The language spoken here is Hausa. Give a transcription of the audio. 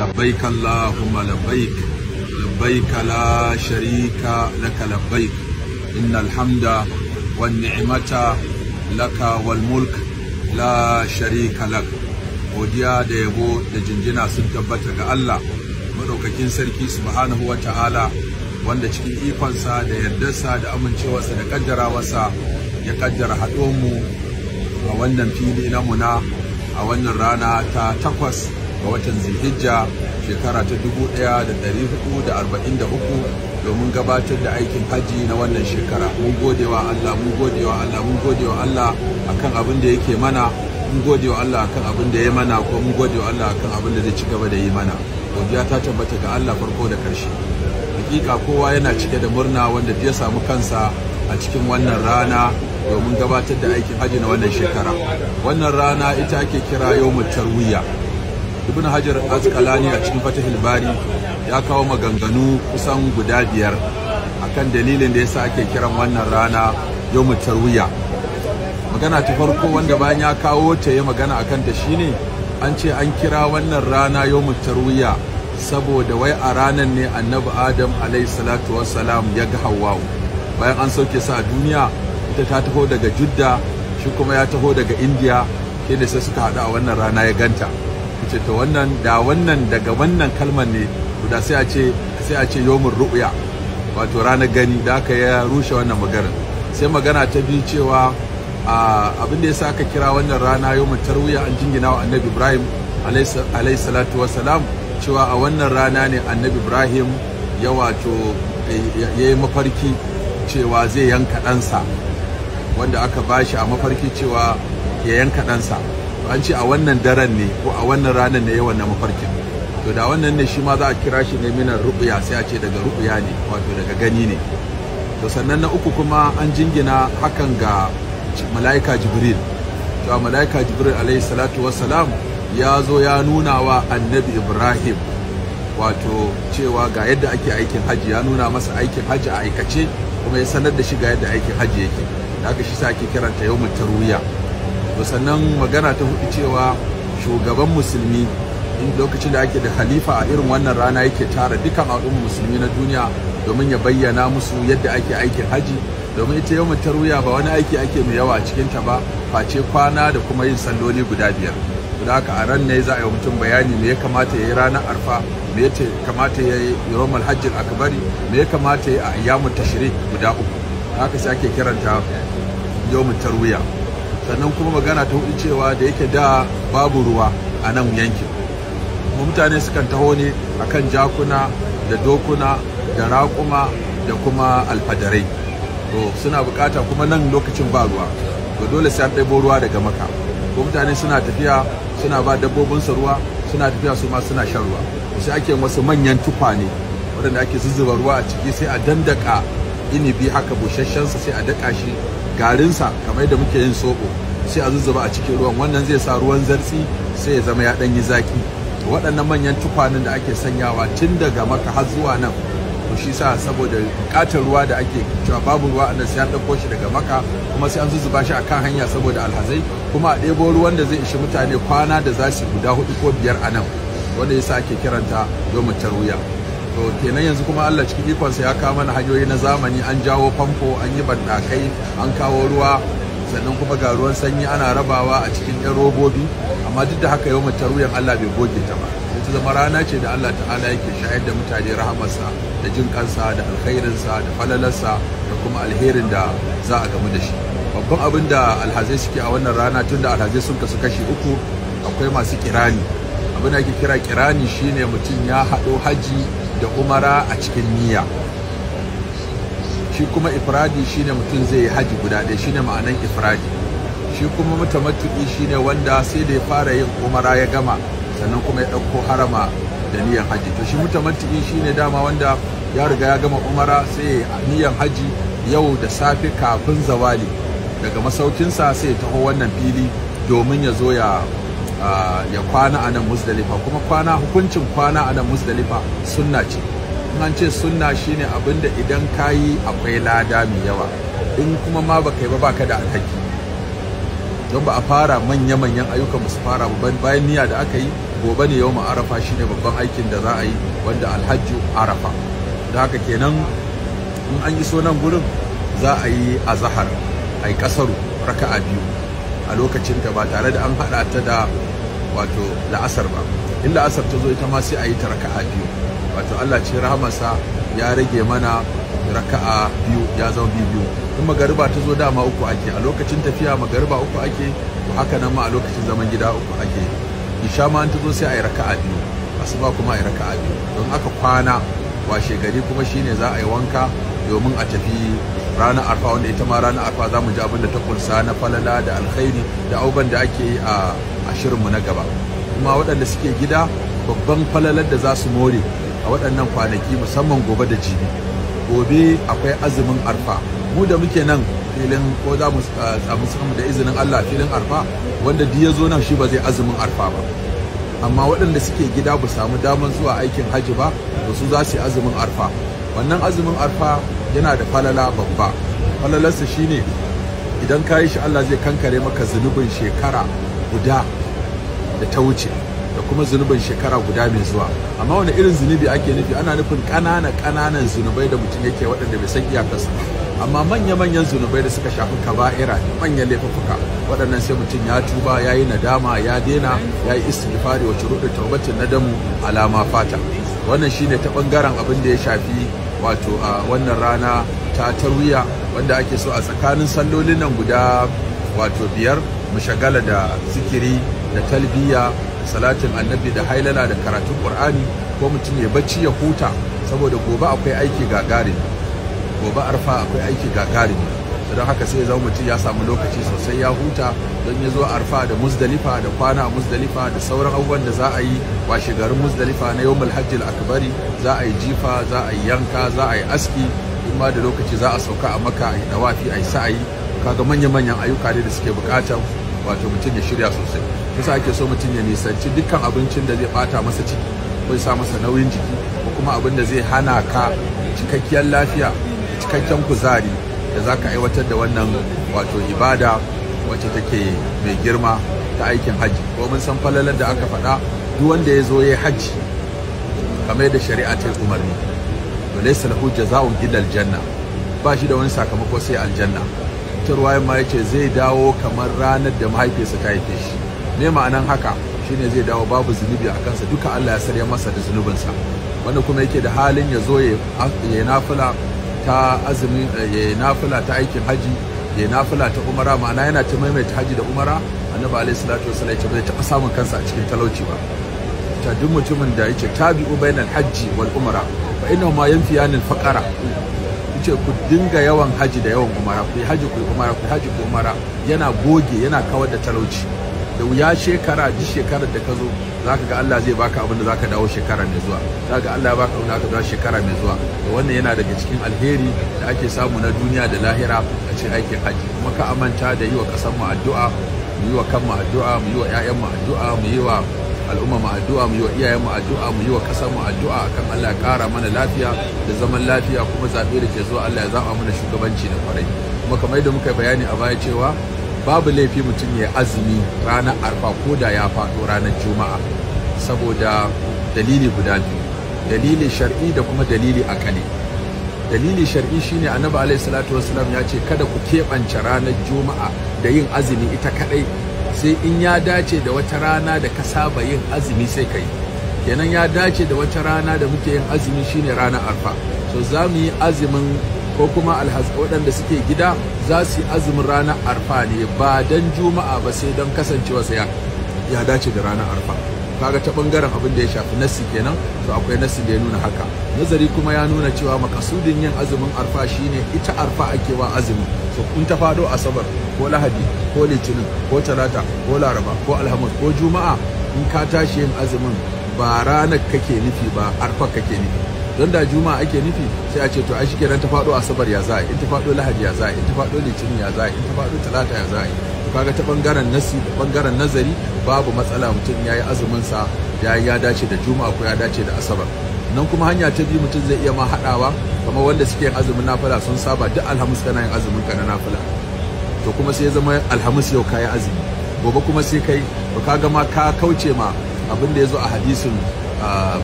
لبيك اللهم لبيك لبيك لا شريك لك لبيك إن الحمد والنعمة لك والملك لا شريك لك godiya da yabo da jinjina sun tabbata ga Allah madaukakin sarki subhanahu wa ta'ala wanda cikin ikonsa da yardarsa da amincewarsa da kaddarawarsa ya kaddara mu a wannan fili na a wannan rana ta takwas ga watan zilhijja shekara ta 1443 domin gabatar da aikin hajji na wannan shekara mun godewa Allah mun godewa Allah mun godewa Allah akan abin da yake mana mun godewa Allah akan abin da ya mana ko mun godewa Allah akan abin da zai ci gaba da yi mana godiya ta tabbata ga Allah farko da karshe hakika kowa yana cike da murna wanda ya samu kansa a cikin wannan rana domin gabatar da aikin hajji na wannan shekara wannan rana ita ake kira yau tarwiyya ibn hajar askalani a cikin fatahil bari ya kawo maganganu kusan guda biyar akan dalilin da yasa ake kiran wannan rana yau tarwiya magana ta farko wanda bayan ya kawo ta ya magana akan ta shine an ce an kira wannan rana yau tarwiya saboda wai a ranar ne annabi adam alayhi salatu wassalam ya ga hawwa bayan an sauke sa a duniya ita ta taho daga judda shi kuma ya taho daga indiya shi sai suka haɗu a wannan rana ya ganta ce to wannan da wannan daga wannan kalmar ne guda, sai a ce sai a ce yomin ru'ya wato ranar gani da aka ya rushe wannan maganar sai magana ta biyu cewa abin da ya sa aka kira wannan rana yomin tarwiya an jingina wa annabi ibrahim alayhi salatu wasalam cewa a wannan rana ne annabi ibrahim ya wato ya yi mafarki cewa zai yanka ɗansa wanda aka bashi a mafarki cewa ya yanka ɗansa an ce a wannan daren ne ko a wannan ranar ne yawan na mafarkin to da wannan ne shi ma za a kira shi ne minar ruɓuya sai a ce daga ruɓuya ne wato daga gani ne to sannan na uku kuma an jingina hakan ga mala'ika jibril to a mala'ika jibril alaihi salatu wassalam ya zo ya nuna wa annabi ibrahim wato cewa ga yadda ake aikin haji ya nuna masa aikin haji a aikace kuma ya sanar da shi ga yadda aikin haji yake da haka shi sa ake kiranta yau tarwiya sannan magana ta hudu cewa shugaban musulmi in lokacin da ake da halifa a irin wannan rana yake tara dukkan al'ummar musulmi na duniya domin ya bayyana musu yadda ake aikin haji domin ita yau tarwiya ba wani aiki ake mai yawa a cikin ta ba face kwana da kuma yin salloli guda biyar da haka a ran ne za a yi mutum bayani me ya kamata ya yi ranar arfa me ya kamata ya yi hajjil akbari me ya kamata ya yi a ayyamun tashrik guda uku haka sai ake kiranta yau tarwiya sannan kuma magana ta hudu cewa da yake da babu ruwa a nan yankin Kuma mutane sukan taho ne kan jakuna da dokuna da raƙuma da kuma alfadarai to suna bukata kuma nan lokacin ba ruwa to dole sai an ɗebo ruwa daga maka ko mutane suna tafiya suna ba dabbobinsu ruwa suna tafiya su ma suna shan ruwa sai ake wasu manyan tukwane waɗanda ake zuzzuba ruwa a ciki sai a dandaka inibi haka busasshensa sai a daka shi garinsa kamar yadda muke yin soɓo sai a zuzzuba a cikin ruwan wannan zai sa ruwan zartsi sai ya zama ya yi zaki waɗannan manyan tukwanin da ake sanyawa tun daga maka har zuwa nan to shi sa saboda buƙatar ruwa da ake cewa babu ruwa annan sai an ɗauko shi daga maka kuma sai an zuzzuba shi akan hanya saboda alhazai kuma a ɗebo ruwan da zai ishi mutane kwana da za guda hudu ko biyar a nan wanda yasa ake kiranta domin tarwiya to kenan yanzu kuma Allah cikin ikonsa ya kawo mana hanyoyi na zamani an jawo famfo an yi bandakai an kawo ruwa sannan kuma ga ruwan sanyi ana rabawa a cikin yan robobi amma duk da haka yau mace ruyan Allah bai goge ta ba Yanzu zama rana ce da Allah ta'ala yake shayar da mutane rahamarsa da jin kansa da alkhairinsa da falalarsa da kuma alherin da za a gamu da shi babban abin da alhazai suke a wannan rana tun da alhazai sun kasu kashi uku akwai masu kirani abin da ake kira kirani shine mutum ya haɗo haji da umara a cikin niyya shi kuma ifradi shine mutum zai yi haji guda ɗaya shine ma'anan ifradi shi kuma shi shine wanda sai da ya fara yin umara ya gama sannan kuma ya ɗauko harama da niyyar haji to shi shi shine dama wanda ya riga ya gama umara sai niyyar haji yau da safe kafin zawali daga masaukinsa sai ya taho wannan fili domin ya zo ya ya kwana a nan musdalifa kuma kwana hukuncin kwana a nan musdalifa sunna ce in an ce sunna shine abin da idan kayi akwai lada mai yawa in kuma ma baka yi ba baka da alhaki don ba a fara manya-manyan ayyukan su fara ba bayan niyya da aka yi gobe ne yau arafa shine babban aikin da za a yi wanda alhaju arafa da haka kenan in an yi so nan gurin za a yi a zahar a yi kasaru raka'a biyu a lokacin ta ba tare da an haɗa ta da wato la'asar ba in la'asar ta zo ita ma sai a yi ta raka'a biyu wato Allah ce rahamarsa ya rage mana raka'a biyu ya zama biyu biyu in magariba ta zo dama uku ake a lokacin tafiya magariba uku ake haka nan ma a lokacin zaman gida uku ake isha ma ta zo sai a yi raka'a biyu asuba kuma a yi raka'a biyu don aka kwana washe gari kuma shine za a yi wanka domin a tafi ranar arfa wanda ita ma ranar arfa za mu ji abin da ta kunsa na falala da alkhairi da auban da ake yi a a shirinmu na gaba kuma waɗanda suke gida babban falalar da za su more a waɗannan kwanaki musamman gobe da jibi gobe akwai azumin arfa mu da muke nan filin ko za mu ah, samu da izinin Allah filin arfa wanda duk ya zo nan shi ba zai azumin arfa ba amma waɗanda suke gida ba samu damar zuwa aikin hajji ba ba su za su yi azumin arfa wannan azumin arfa yana da falala babba falalarsa shine idan ka yi shi Allah zai kankare maka zunubin shekara guda da ta wuce da kuma zunubin shekara guda mai zuwa amma wani irin zunubi ake nufi ana nufin ƙanana ƙananan zunubai da mutum yake waɗanda bai san iyakarsa amma manya-manyan zunubai da suka shafi kaba'ira manyan laifuka waɗannan sai mutum ya tuba ya yi nadama ya daina ya yi istighfari wacce shuruɗin taubatin nadamu alama fata wannan shine ta ɓangaren abin da ya shafi wato a wannan rana ta tarwiya wanda ake so a tsakanin sallolin nan guda wato biyar mu shagala da sikiri da talbiya da salatin annabi da hailala da karatun qur'ani ko mutum ya bacci ya huta saboda gobe akwai aiki gagarumi gobe arfa akwai aiki gagarumi don haka sai zama mutum ya samu lokaci sosai ya huta don ya zo arfa da musdalifa da kwana a musdalifa da sauran abubuwan da za a yi washe garin musdalifa na yawmul hajjil akbari za a yi jifa za a yi yanka za a yi aski in ma da lokaci za a sauka a maka a yi dawafi a yi sa'ayi kaga manya-manyan ayyuka ne da suke bukatar wato mutum ya shirya sosai kusa ake so mutum ya nisanci dukkan abincin da zai bata masa ciki ko sa masa nauyin jiki ko kuma abin da zai hana ka cikakkiyar lafiya cikakken kuzari da za ka aiwatar da wannan wato ibada wacce take mai girma ta aikin hajji ko mun san falalar da aka faɗa duk wanda ya zo ya hajji kamar yadda shari'a ta umarni to laysa lahu jaza'un illa aljanna ba shi da wani sakamako sai aljanna wata wayan ma yace zai dawo kamar ranar da mahaifinsa ta haife shi me ma'anan haka shine zai dawo babu zunubi a kansa duka Allah ya sarya masa da zunubinsa wanda kuma yake da halin ya zo ya nafila ta azumi eh, ya nafila ta aikin haji ya nafila ta umara ma'ana yana ta maimaita haji da umara annabi alaihi salatu wasallam ya ce bai taɓa samun kansa a cikin talauci ba ta duk mutumin da yake tabi'u bainal hajji wal umara fa innahu ma yanfiyanil faqara ce ku dinga yawan haji da yawan umara ku haji ku umara ku haji ku umara yana goge yana kawar da talauci da wuya shekara ji shekarar da ka zo za ka ga Allah zai baka abin da za ka dawo shekara mai zuwa za ga Allah ya baka abin da ka dawo shekara mai zuwa da wannan yana daga cikin alheri da ake samu na duniya da lahira a cikin aikin haji kuma ka amanta da yi wa ƙasar mu addu'a mu yi wa kanmu addu'a mu yi wa 'ya'yan mu addu'a mu yi wa al'umma mu addu'a mu yi wa iyayen mu addu'a mu yi wa kasar mu addu'a kan Allah ya kara mana lafiya da zaman lafiya kuma zaɓe da ke zuwa Allah ya zaɓa mana shugabanci da kwarai kuma kamar yadda muka bayani a baya cewa babu laifi mutum ya azumi ranar arfa ko da ya faɗo ranar juma'a saboda dalili guda biyu dalili shar'i da kuma dalili akali dalili shar'i shine annabi alaihi salatu wasalam ya ce kada ku keɓance ranar juma'a da yin azumi ita kadai sai in ya dace da wata rana da ka saba yin azumi sai ka yi kenan ya dace da wata rana da muke yin azumi shine ranar arfa so za mu yi azumin ko kuma alhaz waɗanda suke gida za su yi azumin ranar arfa ne ba don juma'a ba sai don kasancewa ya dace da ranar arfa kaga ta bangaren abin da ya shafi nasi kenan to akwai nasi da ya nuna haka nazari kuma ya nuna cewa makasudin yin azumin arfa shine ita arfa ake wa azumi so kun ta fado asabar ko lahadi ko litinin ko talata ko laraba ko alhamis ko juma'a in ka tashi yin azumin ba ranar kake nufi ba arfa kake nufi don da juma'a ake nufi sai a ce to ai shikenan ta fado asabar ya za'a in ta fado lahadi ya za'a in ta fado litinin ya za'a in ta fado talata ya za'a kaga ta bangaren nasi da bangaren nazari babu matsala mutum ya yi azumin sa ya ya dace da juma'a ko ya dace da asabar nan kuma hanya ta biyu mutum zai iya ma haɗawa kamar wanda suke yin azumin nafila sun saba duk alhamis kana yin azumin ka na nafila to kuma sai ya zama alhamis yau kayi azumi gobe kuma sai kai ka ga ma ka kauce ma abin da ya zo a hadisin ah,